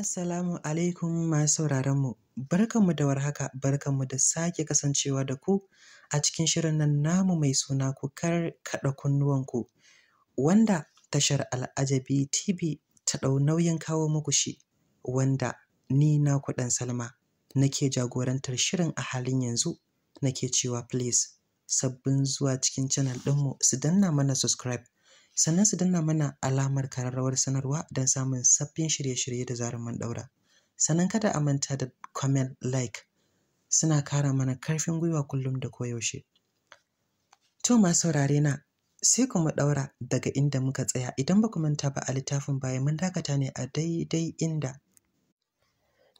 Assalamu alaikum masu mu Barkanmu da warhaka, barkanmu da sake kasancewa da ku a cikin shirin nan namu mai suna kukar kar kaɗa kunnuwanku, wanda tashar Al'ajabi TV ta ɗau nauyin kawo muku shi, wanda ni na kuɗan Salma nake jagorantar shirin a halin yanzu nake cewa please sabbin zuwa cikin channel ɗinmu su danna mana subscribe sannan su danna mana alamar kararrawar sanarwa don samun sabbin shirye-shirye da zarar mun ɗaura. Sannan kada a manta da comment like suna kara mana karfin gwiwa kullum da koyaushe. To masu saurare na sai ku mu ɗaura daga inda muka tsaya idan ba ku manta ba a littafin baya mun dakata ne a daidai inda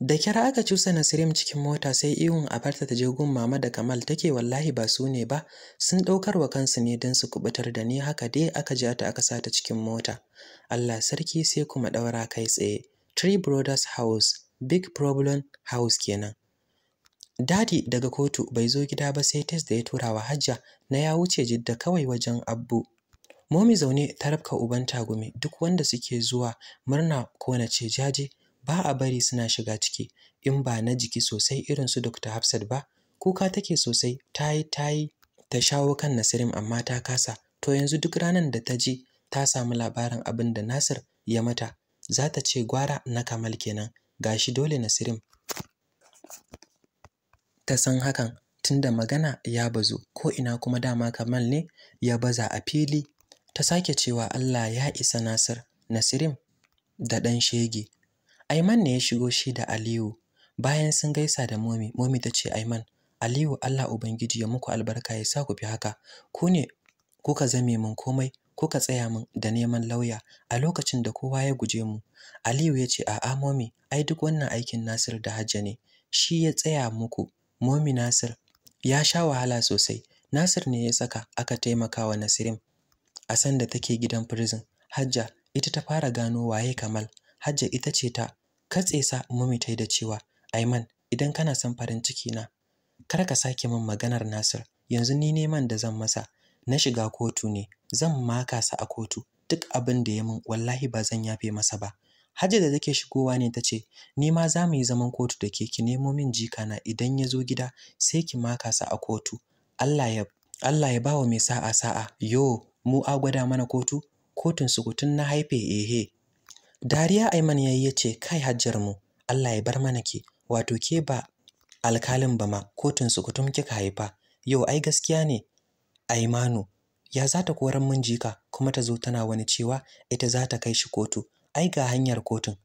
Da kira aka cusa Nasirim cikin mota sai ihun a farta ta je gun mama da Kamal take wallahi ba su ne ba, sun ɗaukar wa kansu ne don su kubutar da ni haka dai aka ja ta aka sata cikin mota. Allah sarki sai kuma ɗaura kai tsaye. Three Brothers House, Big Problem House kenan. Dadi daga kotu bai zo gida ba sai test da ya tura wa Hajja na ya wuce jidda kawai wajen Abbu. Momi zaune ta rabka uban tagumi duk wanda suke zuwa murna ko na ce jaje ba a bari suna shiga ciki in ba na jiki sosai irin su Dr. Hafsat ba kuka take sosai Ta yi ta shawo kan Nasirim amma ta kasa to yanzu duk ranar da ta ji ta samu labarin abin da Nasir ya mata za ta ce gwara na Kamal kenan gashi dole Nasirim ta san hakan tunda magana ya bazu ko ina kuma dama Kamal ne ya baza a fili ta sake cewa Allah ya isa Nasir Nasirim da Dan shege Aiman ne ya shigo shi da Aliyu. Bayan sun gaisa da Momi, Momi ta ce Aiman, Aliyu Allah Ubangiji ya muku albarka ya sa ku fi haka. Ku ne kuka zame min komai, kuka tsaya min da neman lauya a lokacin da kowa ya guje mu. Aliyu ya ce a'a Momi, ai duk wannan aikin Nasir da Hajja ne. Shi ya tsaya muku. Momi Nasir ya sha wahala sosai. Nasir ne ya saka aka taimaka wa Nasirim a sanda take gidan prison. Hajja ita ta fara gano waye Kamal. Hajja ita ce ta katse sa mummy ta da cewa Aiman idan kana son farin ciki na kar ka sake min maganar Nasir yanzu ni neman da zan masa na shiga kotu ne zan maka sa a kotu duk abin da ya min wallahi ba zan yafe masa ba Hajji da take shigowa ne tace ce, Ni ma za mu yi zaman kotu da ke ki nemo min jika na, idan ya zo gida sai ki maka sa a kotu. Allah ya Allah ya bawa mai sa'a sa'a. Yo, mu a gwada mana kotu? Kotun sukutun na haife ehe. Dariya Aiman ya yi ya ce, Kai hajjar mu, Allah ya bar mana ke, wato ke ba alkalin ba ma kotun sukutum kika haifa, yau ai gaskiya ne, Aimanu, ya za ta koran min jika kuma ta zo tana wani cewa ita za ta kai shi kotu, ai ga hanyar kotun.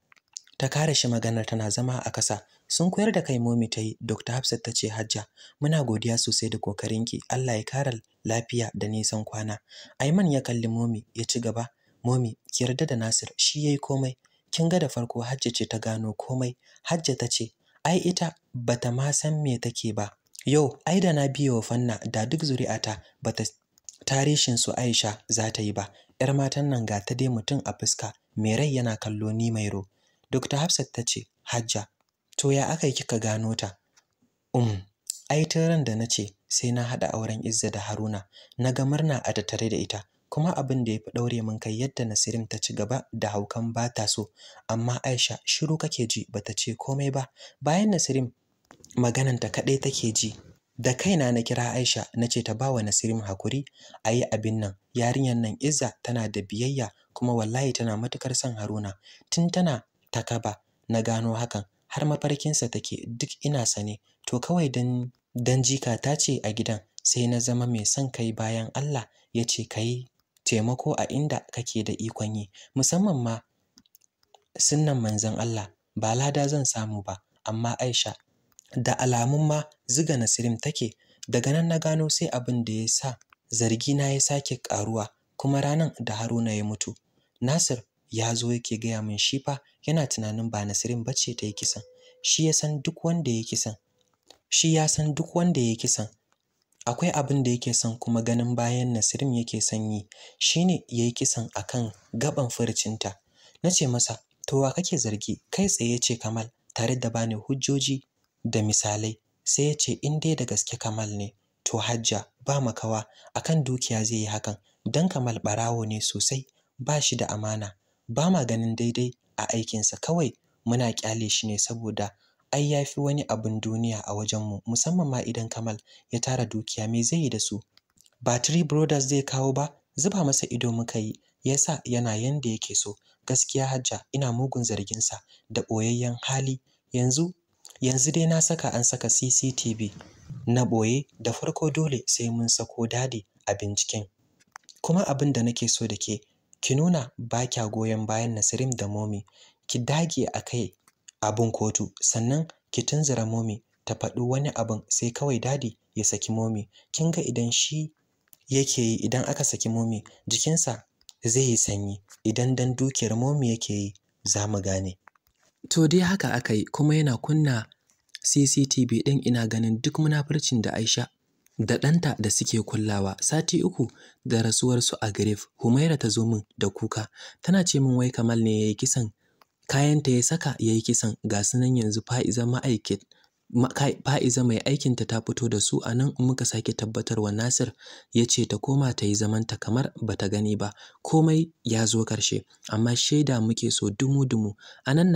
Ta kare shi maganar tana zama a kasa, sun koyar da kai momi ta yi, Dr. Hafsat ta ce hajja, muna godiya sosai da kokarinki, Allah ya kare lafiya da nisan kwana. Aiman ya kalli momi ya ci gaba Mommy, ki yarda da Nasir, shi yayi komai. Kin ga da farko Hajja ce ta gano komai. Hajja ta ce, ai ita bata ma san me take ba. Yau, ai da na biyo wa fanna da duk zuri'ata bata tarishin su Aisha za ta yi ba. ‘Yar matan nan ga ta dai mutum a fuska, mai rai yana kallo ni mai ro. Dr. Hafsat ta ce, Hajja, to ya aka yi kika gano ta? Um, ai tun ran da na ce sai na haɗa auren Izza da Haruna, na ga murna a tattare da ita, kuma abin da ya fi ɗaure min kai yadda Nasirim ta ci gaba da haukan ba ta so amma Aisha shiru kake ji ba ta ce komai ba bayan Nasirim maganan ta kaɗai take ji da kaina na kira Aisha na ce ta wa Nasirim hakuri a yi abin nan yarinyar nan Izza tana da biyayya kuma wallahi tana matukar son Haruna tun tana takaba na gano hakan har mafarkinsa take duk ina sane to kawai dan dan jika ta ce a gidan sai na zama mai son kai bayan Allah ya ce kai taimako a inda kake da ikon yi musamman ma sunnan manzon Allah ba lada zan samu ba amma Aisha da alamun ma ziga Nasirim take daga nan na gano sai abin da ya sa zargi na ya sake karuwa kuma ranan da Haruna ya mutu Nasir ya zo yake gaya min shi fa yana tunanin ba nasirim bace ta yi kisan shi ya san duk wanda ya kisan shi ya san duk wanda ya kisan akwai abin da yake son kuma ganin bayan Nasirim yake son yi Shi shine yayi kisan akan gaban furcinta nace masa to wa kake zargi kai tsaye ce Kamal tare da bani hujjoji da misalai sai ya ce in dai da gaske Kamal ne to Hajja ba makawa akan dukiya zai yi hakan dan Kamal barawo ne sosai ba shi da amana ba ma ganin daidai a aikinsa kawai muna kyale shi ne saboda ai ya fi wani abun duniya a wajenmu musamman ma idan Kamal ya tara dukiya mai zai yi da su ba Three Brothers zai kawo ba zuba masa ido muka yi yasa yana yanda yake so gaskiya Hajja ina mugun zargin sa da ɓoyayyen hali yanzu yanzu dai na saka an saka CCTV na ɓoye da farko dole sai mun sako dadi a binciken kuma abin da nake so da ke ki nuna ba kya goyon bayan Nasirim da Momi ki dage a kai abun kotu sannan ki tunzura momi ta faɗi wani abun sai kawai dadi ya saki momi kin ga idan shi yake yi idan aka saki momi jikinsa zai yi sanyi idan dan dukiyar momi yake yi za mu gane to dai haka aka yi kuma yana kunna CCTV ɗin ina ganin duk munafurcin da Aisha da ɗanta da suke kulawa sati uku da rasuwarsu a Garif Humaira ta zo min da kuka tana ce min wai Kamal ne ya yi kisan kayanta ya saka ya yi kisan ga su nan yanzu fa'iza ma'aikin fa'iza mai aikinta ta fito da su a nan muka sake tabbatarwa Nasir ya ce ta koma ta yi zamanta kamar ba ta gani ba komai ya zo karshe, amma shaida muke so dumu-dumu a nan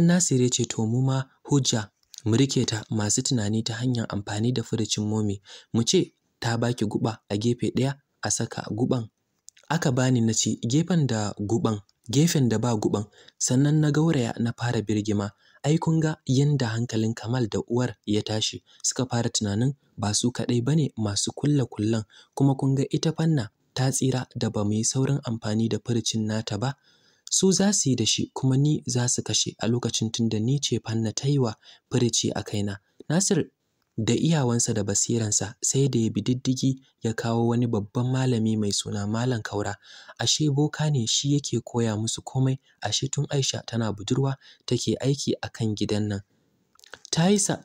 Nasir ya ce to mu ma hujja mu rike ta masu tunani ta hanyar amfani da furucin momi mu ce ta baki guba a gefe ɗaya a saka guban aka bani na ci gefen da guban gefen da ba guban sannan na gauraya na fara birgima ai kun ga yanda hankalin Kamal da uwar ya tashi suka fara tunanin ba su kaɗai bane masu kulle kullen kuma kun ga ita fanna ta tsira da ba mu yi saurin amfani da furucin nata ba su za su yi da shi kuma ni za su kashe a lokacin tunda ni ce fanna ta yi wa furuci a kaina Nasir da iyawansa da basiransa sai da ya bi diddigi ya kawo wani babban malami mai suna Malam Kaura ashe boka ne shi yake koya musu komai ashe tun Aisha tana budurwa take aiki akan gidan nan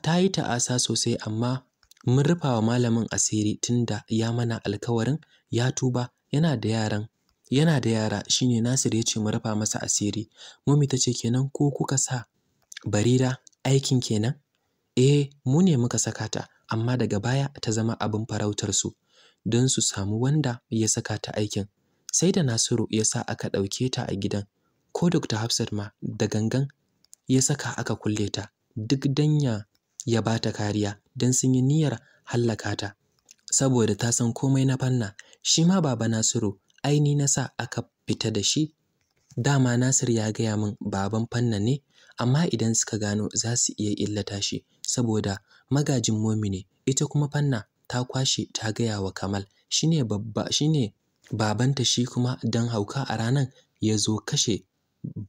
ta yi ta'asa sosai amma mun rufa wa malamin asiri tunda ya mana alkawarin ya tuba yana da yaran yana da yara shine Nasir yace mu rufa masa asiri mummy tace kenan ko kuka sa Barira aikin kenan eh mu ne muka saka ta amma daga baya ta zama abin farautar su don su samu wanda ya saka ta aikin sai da Nasiru ya sa aka ɗauke ta a gidan ko Dr. Hafsat ma da gangan ya saka aka kulle ta duk danya ya ba ta kariya don sun yi niyyar hallaka ta saboda ta san komai na fanna shi ma baba Nasiru aini na sa aka fita da shi dama Nasir ya gaya min baban fanna ne amma idan suka gano za su iya illata shi saboda magajin momi ita kuma fanna ta kwashe ta gaya wa kamal shine babba shine babanta shi kuma dan hauka a ranan ya zo kashe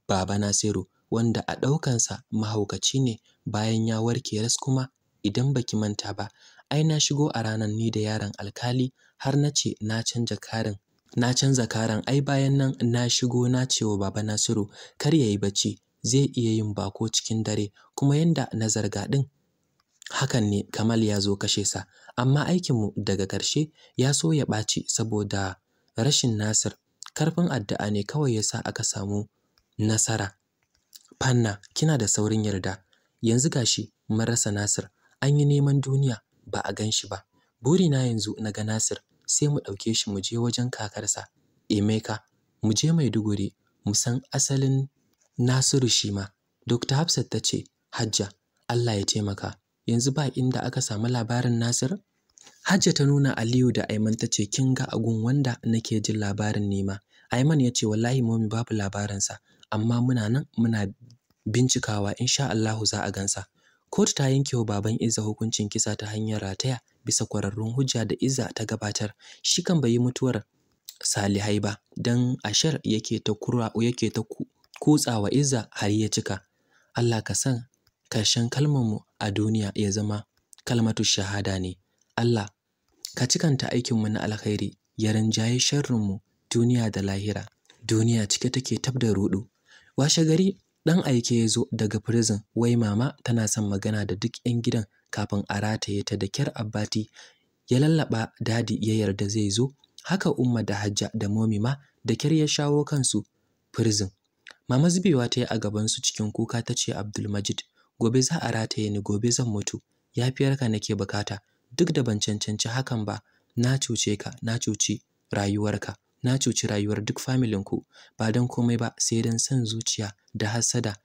baba nasiru wanda a ɗaukansa mahaukaci ne bayan ya warke ras kuma idan baki manta ba ai na shigo a ranan ni da yaron alkali har na ce na canja karin na canza karan ai bayan nan na shigo na ce wa baba Nasiru kar ya yi bacci zai iya yin bako cikin dare kuma yanda na zarga din hakan ne Kamal ya zo kashe sa amma aikinmu daga ƙarshe ya so ya ɓaci saboda rashin Nasir karfin addu'a ne kawai ya sa aka samu nasara fanna kina da saurin yarda yanzu gashi mun rasa Nasir an yi neman duniya ba a gan shi ba burina yanzu na ga Nasir sai mu ɗauke shi mu je wajen kakarsa Emeka mu je Maiduguri mu san asalin Nasiru shi ma Dr. Hafsat ta ce Hajja Allah ya taimaka yanzu ba inda aka samu labarin Nasir? Hajja ta nuna Aliyu da Aiman ta ce kin ga agun wanda nake jin labarin nema. Aiman ya ce wallahi momi babu labarinsa amma muna nan muna bincikawa insha Allahu za a gansa. Kotu ta yanke wa baban iza hukuncin kisa ta hanyar rataya bisa kwararrun hujja da iza ta gabatar. Shi kan bai yi mutuwar Salihai ba dan Ashar yake ta kura yake ta kutsawa iza har ya cika. Allah ka san ƙarshen kalmarmu a duniya ya zama kalmatu shahada ne Allah ka cikanta aikinmu na alkhairi ya rinjaye sharrinmu duniya da lahira duniya cike take tab da ruɗu washe gari ɗan aike ya zo daga prison wai mama tana son magana da duk 'yan gidan kafin a rataye ta da kyar abbati ya lallaɓa dadi ya yarda zai zo haka umma da hajja da momi ma da kyar ya shawo kansu prison mama zubewa ta yi a gabansu cikin kuka ta ce abdulmajid gobe za a rataye ni gobe zan mutu yafiyarka nake bukata duk da ban cancanci hakan ba na cuce ka na cuci rayuwarka na cuci rayuwar duk familin ku ba don komai ba sai don san zuciya da hasada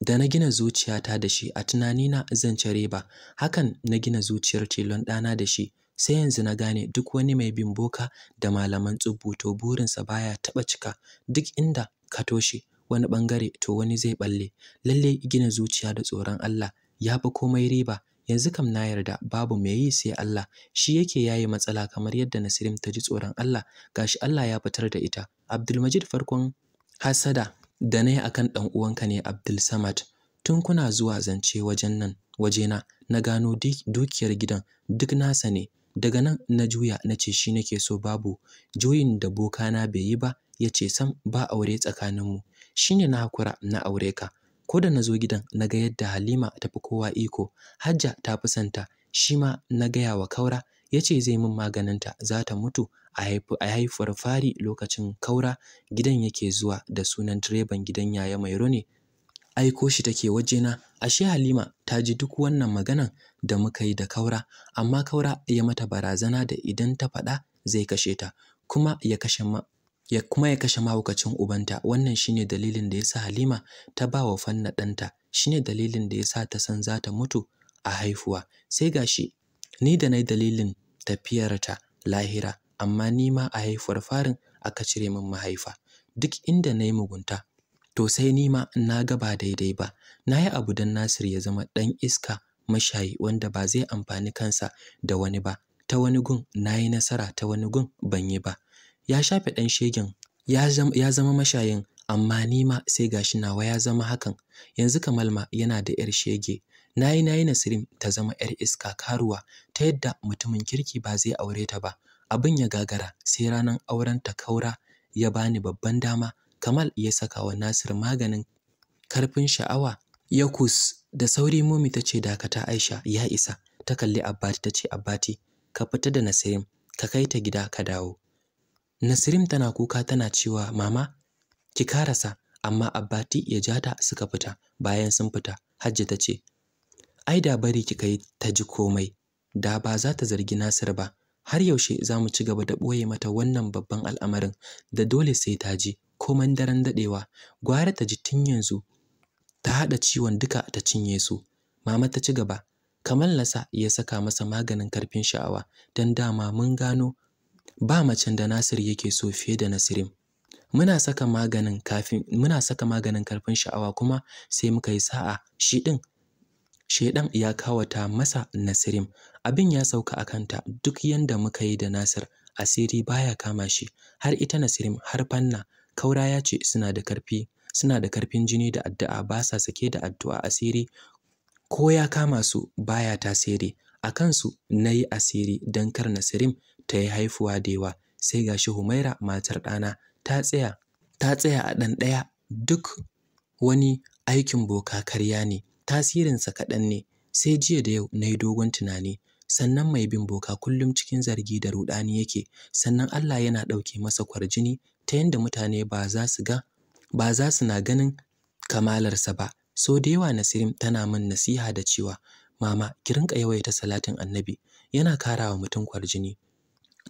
da na gina zuciyata da shi a tunanina zan cire ba hakan na gina zuciyar tilon ɗana da shi sai yanzu na gane duk wani mai bin boka da malaman tsubbuto burinsa baya taɓa cika duk inda ka toshe wani ɓangare to wani zai ɓalle Lallai gina zuciya da tsoron Allah ya fi komai riba yanzu kam na yarda babu mai yi sai Allah shi yake yaye matsala kamar yadda Nasirim ta ji tsoron Allah gashi Allah ya fitar da ita Abdulmajid farkon hasada da nayi akan dan uwanka ne Abdul Samad tun kuna zuwa zance wajen nan wajena na gano dukiyar gidan duk nasa ne daga nan na juya na ce shi nake so babu juyin da boka na bai yi ba yace ce sam ba aure tsakaninmu shine na hakura na aure ka ko da na zo gidan na ga yadda Halima ta fi kowa iko Hajja ta fi santa shi ma na gaya wa Kaura ya ce zai min maganinta za ta mutu a haifar fari lokacin Kaura gidan yake zuwa da sunan direban gidan yaya mai ne aiko shi take na. ashe Halima ta ji duk wannan maganan da muka yi da Kaura amma Kaura ya mata barazana da idan ta faɗa zai kashe ta kuma ya kashe ya kuma ya kashe mahaukacin ubanta wannan shine dalilin da yasa Halima ta ba wa fanna ɗanta shine dalilin da yasa ta san za ta mutu a haifuwa sai ga shi ni da nayi dalilin tafiyarta lahira amma ni ma a haifuwar farin aka cire min mahaifa duk inda na yi mugunta to sai ni ma na ga ba daidai ba nayi abu dan Nasir ya zama ɗan iska mashayi wanda ba zai amfani kansa da wani ba ta wani gun nayi nasara ta wani gun ban yi ba ya shafe ɗan shegen ya zama mashayin amma nima ma sai gashi nawa ya zama hakan yanzu kamal ma yana da yar shege nayi nayi Nasirim ta zama yar iska karuwa ta yadda mutumin kirki ba zai aure ta ba abin ya gagara sai ranar auren ta kaura ya bani babban dama Kamal ya saka wa Nasir maganin karfin sha'awa ya kus da sauri momi ta ce dakata Aisha ya isa ta kalli Abbati ta ce Abbati ka fita da Nasirim ka kai ta gida ka dawo Nasirim tana kuka tana cewa mama ki karasa amma Abbati ya jata suka fita bayan sun fita Hajji ta ce ai da bari kika yi ta ji komai da ba za ta zargi Nasir ba har yaushe za mu ci gaba da ɓoye mata wannan babban al'amarin da dole sai ta ji koman daren daɗewa gwara ta ji tun yanzu ta hada ciwon duka ta cinye su mama ta ci gaba kamar Nasa ya saka masa maganin karfin sha'awa don dama mun gano ba macen da Nasir yake so fiye da Nasirim. Muna saka maganin kafin muna saka maganin karfin sha'awa kuma sai muka yi sa'a shi din shedan ya kawata masa Nasirim. Abin ya sauka akanta duk yanda muka yi da Nasir asiri baya kama shi har ita Nasirim har fanna kaura ya ce suna da karfi suna da karfin jini da addu'a ba sa sake da addu'a asiri ko ya kama su baya tasiri a kansu nayi asiri dan kar Nasirim ta yi haifuwa da yawa sai gashi Humaira matar ɗana ta tsaya ta tsaya a ɗan ɗaya duk wani aikin boka karya ne tasirinsa kaɗan ne sai jiya da yau na yi dogon tunani sannan mai bin boka kullum cikin zargi da ruɗani yake sannan Allah yana ɗauke masa kwarjini ta yadda mutane ba za su ga ba za su na ganin kamalarsa ba so da yawa Nasirim tana min nasiha da cewa mama ki rinka yawaita salatin annabi yana kara wa mutum kwarjini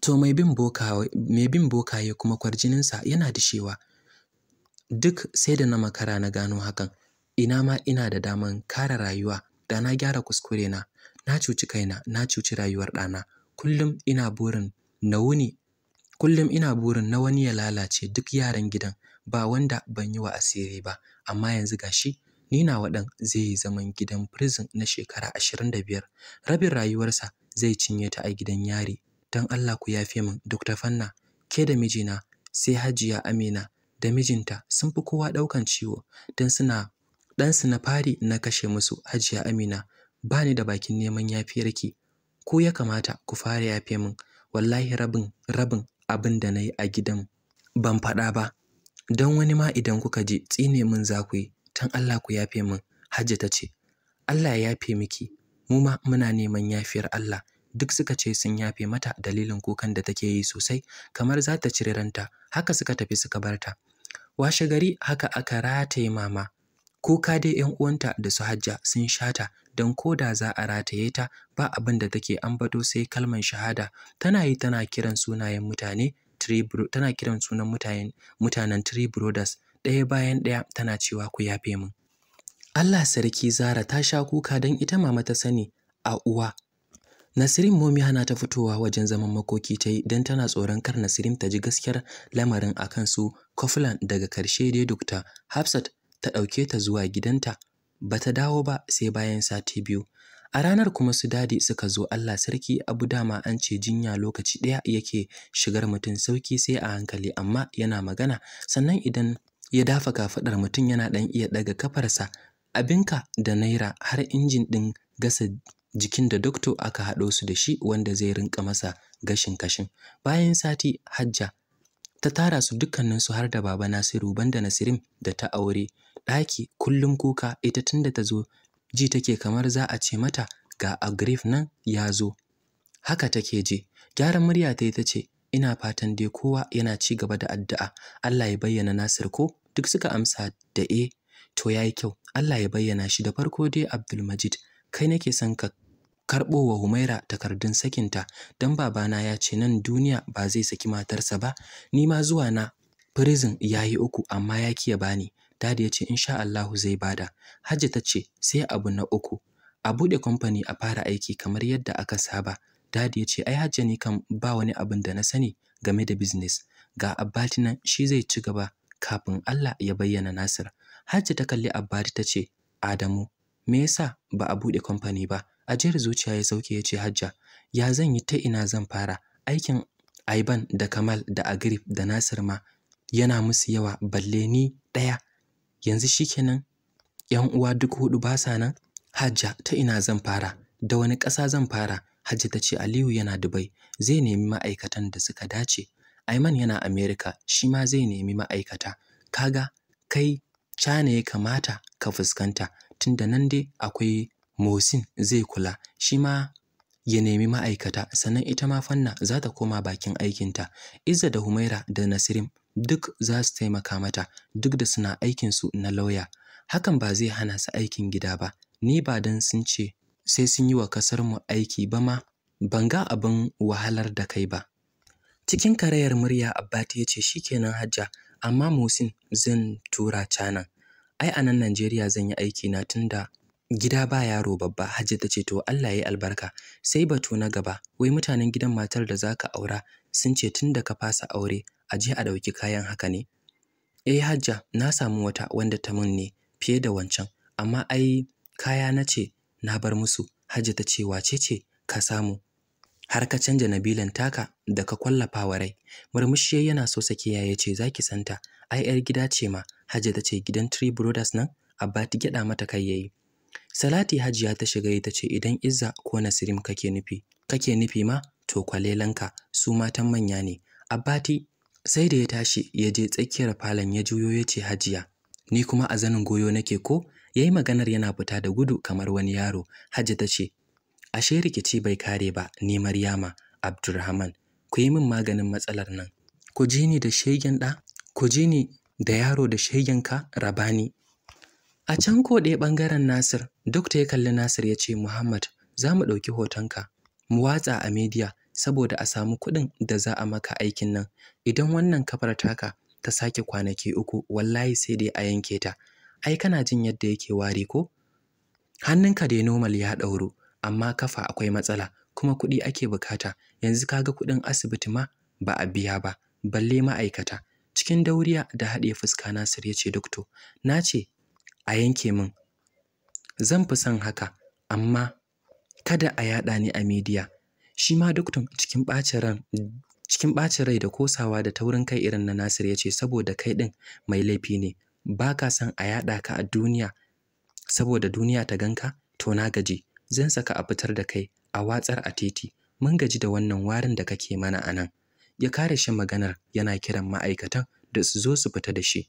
To mai bin bokaye kuma kwarjininsa yana dishewa. Duk sai da na makara na gano hakan. Ina ma ina da daman kare rayuwa, da na gyara kuskure na na cuci kaina, na cuci rayuwar ɗana. Kullum ina burin na wuni kullum ina burin na wani ya lalace duk yaran gidan ba wanda ban yi wa asiri ba amma yanzu gashi ni na ɗan zai yi zaman gidan prison na shekara ashirin da biyar rabin rayuwarsa zai cinye ta a gidan yari don Allah ku yafe min Dr. Fanna ke da mijina sai Hajiya Amina da mijinta sun fi kowa ɗaukan ciwo don suna ɗansu na fari na kashe musu Hajiya Amina ba ni da bakin neman yafiyarki ko ya kamata ku fara yafe min wallahi rabin rabin abin da na yi a gidan ban faɗa ba don wani ma idan kuka je tsine min za ku yi don Allah ku yafe min Hajja ta ce Allah ya yafe miki mu ma muna neman yafiyar Allah duk suka ce sun yafe mata dalilin kukan da take yi sosai kamar za ta cire ranta haka suka tafi suka bar ta washe gari haka aka rataye mama kuka dai yan uwanta da su hajja sun shata don ko da za a rataye ta ba abin da take ambato sai kalman shahada tana yi tana kiran sunayen mutane tana kiran sunan mutanen mutanen brothers ɗaya bayan ɗaya tana cewa ku yafe min Allah sarki Zara ta sha kuka don ita mama ta sani a uwa Nasirin momi hana ta fitowa wajen zaman makoki ta yi don tana tsoron kar Nasirin ta ji gaskiyar lamarin a kan su Koflan daga karshe dai Dr. Hafsat ta ɗauke ta zuwa gidanta ba ta dawo ba sai bayan sati biyu. A ranar kuma su dadi suka zo Allah sarki abu dama an ce jinya lokaci ɗaya yake shigar mutum sauki sai a hankali amma yana magana sannan idan ya dafa kafaɗar mutum yana ɗan iya ɗaga kafarsa abinka da naira har injin ɗin gasa jikin da dokto aka haɗo su da shi wanda zai rinka masa gashin kashin bayan sati hajja ta tara su dukkaninsu har da baba nasiru banda nasirim da ta aure ɗaki kullum kuka ita tunda ta zo ji take kamar za a ce mata ga grief nan ya zo haka take je gyaran murya ta ta ce ina fatan dai kowa yana ci gaba da addu'a Allah ya bayyana Nasir ko duk suka amsa da e to yayi kyau Allah ya bayyana shi da farko dai Abdulmajid kai nake son ka karɓo wa Humaira takardun sakinta don babana ya ce nan duniya ba zai saki matarsa ba ni ma zuwa na prison ya yi uku amma ya kiya bani dadi ya ce insha Allahu zai bada Hajji ta ce sai abu na uku a buɗe kamfani a fara aiki kamar yadda aka saba dadi ya ce ai Hajji ne kam ba wani abin da na sani game da business ga Abbati nan shi zai ci gaba kafin Allah ya bayyana Nasir Hajji ta kalli Abbati ta ce Adamu me yasa ba a buɗe kamfani ba ajiyar zuciya ya sauke ya ce hajja ya zan yi ta ina zan fara aikin aiban da kamal da agrib da nasir ma yana musu yawa balle ni ɗaya yanzu shikenan yan uwa duk hudu ba sa nan hajja ta ina zan fara da wani ƙasa zan fara Hajja ta ce aliyu yana dubai zai nemi ma'aikatan da suka dace aiman yana amerika shi ma zai nemi ma'aikata kaga kai cana ya kamata ka fuskanta tunda nan dai akwai Mosin zai kula, shi ma ya nemi ma'aikata, sannan ita ma Fanna za ta koma bakin aikinta. Izza da Humaira da Nasirim duk za su taimaka mata, duk da suna aikinsu na lauya. Hakan ba zai hana su aikin gida ba, ni ba don sun ce sai sun yi wa kasarmu aiki ba ma, ban ga abin wahalar da kai ba. Cikin karayar murya Abbati ya ce shi kenan hajja, amma Mosin zan tura canan. Ai a nan Najeriya zan yi aikina tun da gida ba yaro babba hajji ta ce to Allah ya yi albarka sai batu na gaba wai mutanen gidan matar da zaka aura sun ce tun da ka fasa aure a je a ɗauki kayan haka ne eh hajja na samu wata wanda ta mun ne fiye da wancan amma ai kaya na ce na bar musu hajji ta ce wace ce ka samu har ka canja nabilan taka da ka kwallafa wa rai murmushi yana so sake ya ce za santa ai yar gida ce ma hajji ta ce gidan three brothers nan abba ta gyaɗa mata kai yayi Salati Hajiya ta shiga ita ce idan Izza ko Nasirim kake nufi, kake nufi ma to kwalelanka su matan manya ne. Abbati sai da ya tashi ya je tsakiyar falon ya juyo ya ce Hajiya, ni kuma a zanin goyo nake ko? Yayi maganar yana fita da gudu kamar wani yaro. Hajiya ta ce, ashe rikici bai kare ba ni Maryama Abdulrahman ku yi min maganin matsalar nan. Ku ji ni da shegen ɗa, ku ji ni da yaro da shegen ka rabani A can ko ɗaya ɓangaren Nasir, Dokta ya kalli Nasir ya ce, Muhammad, za mu ɗauki hotonka, mu watsa a media saboda a samu kuɗin da za a maka aikin nan. Idan wannan kafar taka ta sake kwanaki uku, wallahi sai dai a yanke ta. Ai, kana jin yadda yake wari ko? Hannunka dai normal ya ɗauro, amma kafa akwai matsala, kuma kuɗi ake bukata. Yanzu ka ga kuɗin asibiti ma ba a biya ba, balle ma'aikata. Cikin dauriya da haɗe fuska Nasir ya ce, Dokto, na ce a yanke min zan fi son haka amma kada a yaɗa ni a midiya shi ma dokton cikin ɓacin ran cikin ɓacin rai da kosawa da taurin kai irin na Nasir ya ce saboda kai ɗin mai laifi ne ba ka son a yaɗa ka a duniya saboda duniya ta ganka to na gaji zan saka a fitar da kai a watsar a titi mun gaji da wannan warin da kake mana a nan ya kare shi maganar yana kiran ma'aikatan da su zo su fita da shi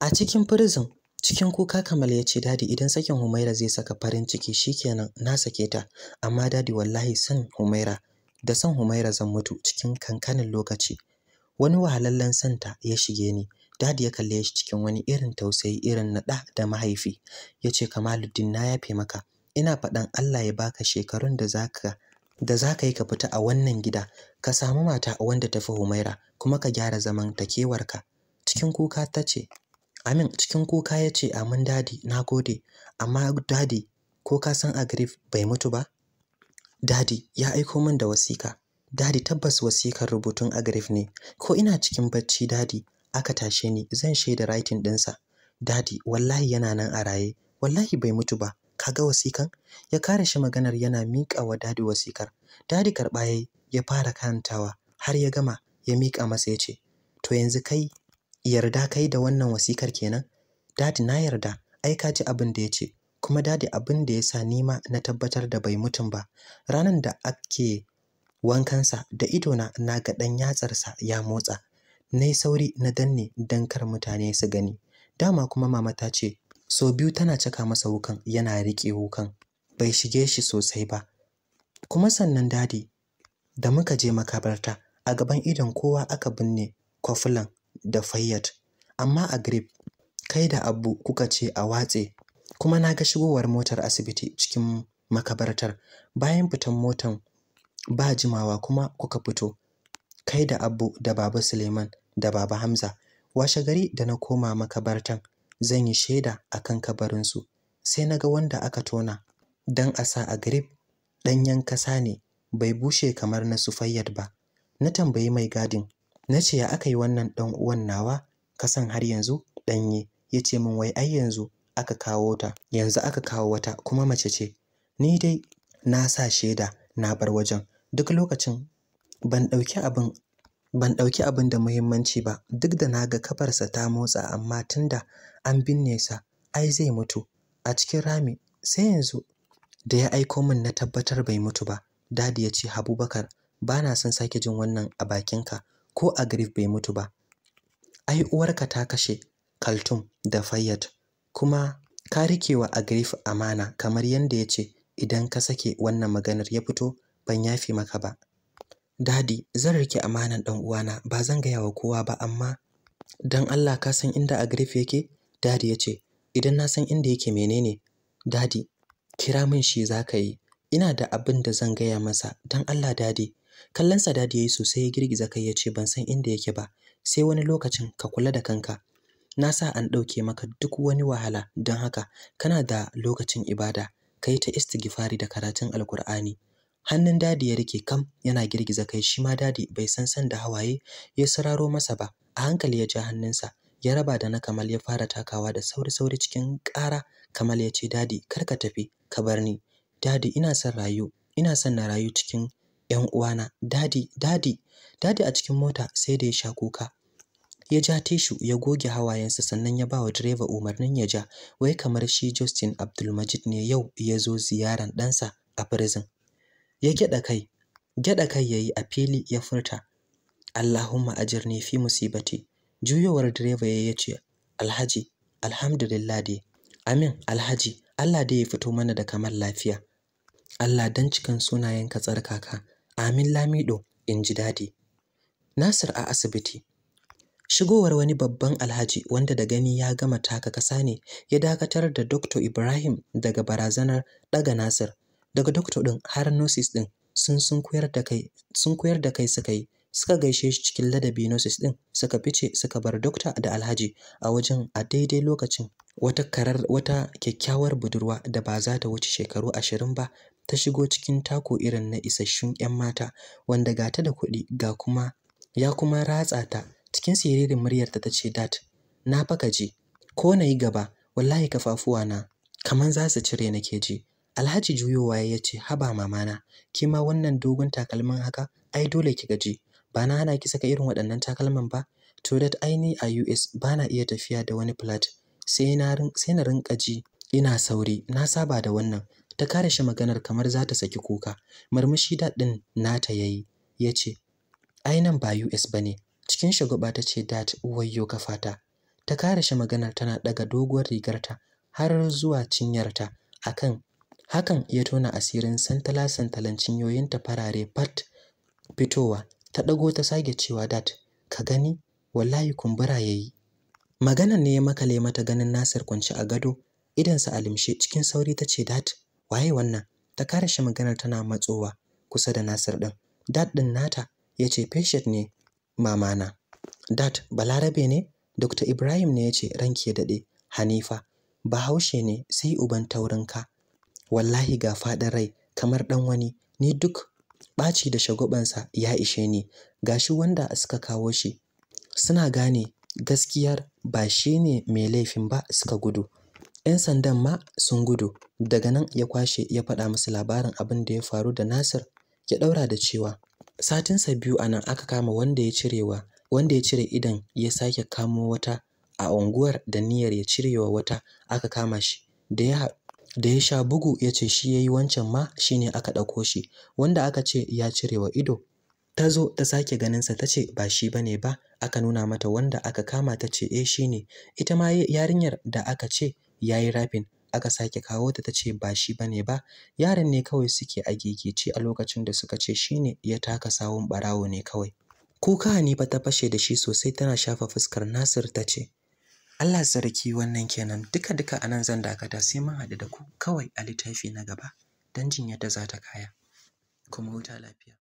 a cikin prison Cikin kuka Kamal ya ce dadi idan sakin Humaira zai saka farin ciki shikenan na sake ta amma dadi wallahi san Humaira da san Humaira zan mutu cikin kankanin lokaci. Wani wahalallen santa ya shige ni. Dadi ya kalle shi cikin wani irin tausayi irin na da da mahaifi. Ya ce Kamaluddin na yafe maka. Ina faɗan Allah ya baka shekarun da zaka da za ka yi ka fita a wannan gida ka samu mata wanda tafi Humaira kuma ka gyara zaman takewarka cikin kuka ta ce Amin cikin kuka ya ce amin dadi na gode amma dadi ko ka san Agrif bai mutu ba? Dadi ya aiko min da wasika. Dadi tabbas wasikar rubutun Agrif ne. Ko ina cikin bacci dadi aka tashe ni zan shaida writing ɗinsa. Dadi wallahi yana nan a raye wallahi bai mutu ba kaga wasikan ya kare shi maganar yana miƙa wa dadi wasikar. Dadi karɓa ya fara kantawa, har ya gama ya miƙa masa ya ce to yanzu kai yarda kai da wannan wasikar kenan dadi na yarda ai ka ji abin da ya ce kuma dadi abin da ya sa ni ma na tabbatar da bai mutum ba ranan da ake wankansa da idona na ga ɗan yatsarsa ya motsa na yi sauri na danne don kar mutane su gani dama kuma mama ta ce so biyu tana caka masa wukan yana riƙe wukan bai shige shi sosai ba kuma sannan dadi da muka je makabarta a gaban idon kowa aka binne kwafulan. da fayyad amma a grip kai da abu kuka ce a watse kuma na ga shigowar motar asibiti cikin makabartar bayan fitan motan ba jimawa kuma kuka fito kai da abu da baba suleiman da baba hamza washe gari da na koma makabartan zan yi shaida a kan kabarinsu sai na ga wanda aka tona don a sa a grip ɗanyen kasa ne bai bushe kamar na sufayyad ba na tambayi mai gadin na ce ya aka yi wannan ɗan uwan nawa ka san har yanzu ɗanye ya ce min wai ai yanzu aka kawo ta yanzu aka kawo wata kuma mace ce ni dai na sa shaida na bar wajen duk lokacin ban ɗauki abin ban ɗauki abin da muhimmanci ba duk da na ga kafarsa ta motsa amma tunda an binne sa ai zai mutu a cikin rami sai yanzu da ya aiko min na tabbatar bai mutu ba dadi ya ce habubakar ba na son sake jin wannan a bakinka ko a grif bai mutu ba ai uwarka ta kashe kaltum da fayyad kuma ka rikewa a grief amana kamar yadda ya ce idan ka sake wannan maganar ya fito ban yafi maka ba dadi zan rike amanan dan uwana ba zan gaya wa kowa ba amma dan Allah ka san inda a grief yake dadi yace, idan na san inda yake menene dadi kira min shi zaka yi ina da abin da zan gaya masa dan Allah dadi Kallon sa dadi yayi sosai ya girgiza kai ya ban san inda yake ba sai wani lokacin ka kula da kanka na sa an ɗauke maka duk wani wahala don haka kana da lokacin ibada ka yi ta istighfari da karatun alkur'ani hannun dadi ya rike kam yana girgiza kai shi ma dadi bai san san da hawaye ya sararo masa ba a hankali ya ja hannunsa ya raba da na kamal ya fara takawa da sauri-sauri cikin ƙara kamal ya ce dadi kar ka tafi ka bar ni dadi ina son rayu ina son na rayu cikin 'yan uwana dadi dadi dadi a cikin mota sai da ya sha kuka ya ja tishu ya goge hawayensa sannan ya ba wa direba umarnin ya ja wai kamar shi Justin Abdulmajid ne yau ya zo ziyaran ɗansa a prison ya gyaɗa kai gyaɗa kai yayi a fili ya furta Allahumma ajirni fi musibati juyowar direba ya ce Alhaji alhamdulillah dai amin Alhaji Allah dai ya fito mana da kamar lafiya Allah dan cikan sunayenka tsarkaka Amin Lamido, in ji dadi. Nasir a asibiti. Shigowar wani babban alhaji wanda da gani ya gama taka kasa ne ya dakatar da Dr. Ibrahim daga barazanar ɗaga Nasir. Daga Dr. ɗin har nosis ɗin sun sun koyar da kai sun suka yi suka gaishe shi cikin ladabi nosis ɗin suka fice suka bar dokta da alhaji a wajen a daidai lokacin wata karar wata kyakkyawar budurwa da ba za ta wuce shekaru ashirin ba ta shigo cikin tako irin na isasshun 'yan mata wanda ga ta da kuɗi ga kuma ya kuma ratsa ta cikin siririn muryarta ta ce dat na faka ji. ko na yi gaba wallahi kafafuwa na kaman za su cire na ke ji alhaji juyowa ya ce haba mamana ki ma wannan dogon takalmin haka ai dole ki gaji ba na hana ki saka irin waɗannan takalman ba to dat ai ni a US ba na iya tafiya da wani flat sai na rinƙa ji ina sauri na saba da wannan ta kare shi maganar kamar za ta saki kuka murmushi daɗin nata yayi ya ce ai nan ba us ba ne cikin shagwaba ta ce dat ka kafata ta kare shi maganar tana ɗaga doguwar rigarta har zuwa cinyarta akan hakan ya tona asirin santala santalan ta farare pat fitowa ta ɗago ta sage cewa dat ka gani wallahi kumbura yayi maganar ne ya makale mata ganin Nasir kwanci a gado idansa a limshe cikin sauri ta ce dat waye wannan ta kare shi maganar tana matsowa kusa da Nasir din dad din nata yace patient ne mamana dad balarabe ne Dr. Ibrahim ne yace ranki ya dade Hanifa bahaushe ne sai uban taurinka wallahi ga faɗin rai kamar dan wani ni duk Baci da sa ya ishe ni gashi wanda suka kawo shi suna gane gaskiyar ba shi ne mai laifin ba suka gudu 'yan sandan ma sun gudu daga nan ya kwashe ya faɗa musu labarin abin da ya faru da Nasir ya ɗaura da cewa satinsa biyu a nan aka kama wanda ya cirewa wanda ya cire idan ya sake kamo wata a unguwar da niyyar ya cirewa wata aka kama shi da ya sha bugu ya ce shi ya yi wancan ma shi ne aka ɗauko shi wanda aka ce ya cirewa ido ta zo ta sake ganinsa ta ce ba shi ba ne ba aka nuna mata wanda aka kama ta ce e shi ne ita ma yarinyar da aka ce ya yi rafin aka sake kawo ta ta ce ba shi ba ne ba yaran ne kawai suke a gegece a lokacin da suka ce shi ne ya taka sawun ɓarawo ne kawai kuka ba ta fashe da shi sosai tana shafa fuskar nasir ta ce allah sarki wannan kenan duka duka anan zan dakata sai mun haɗu da ku kawai a littafi na gaba dan jin yadda za ta kaya kuma huta lafiya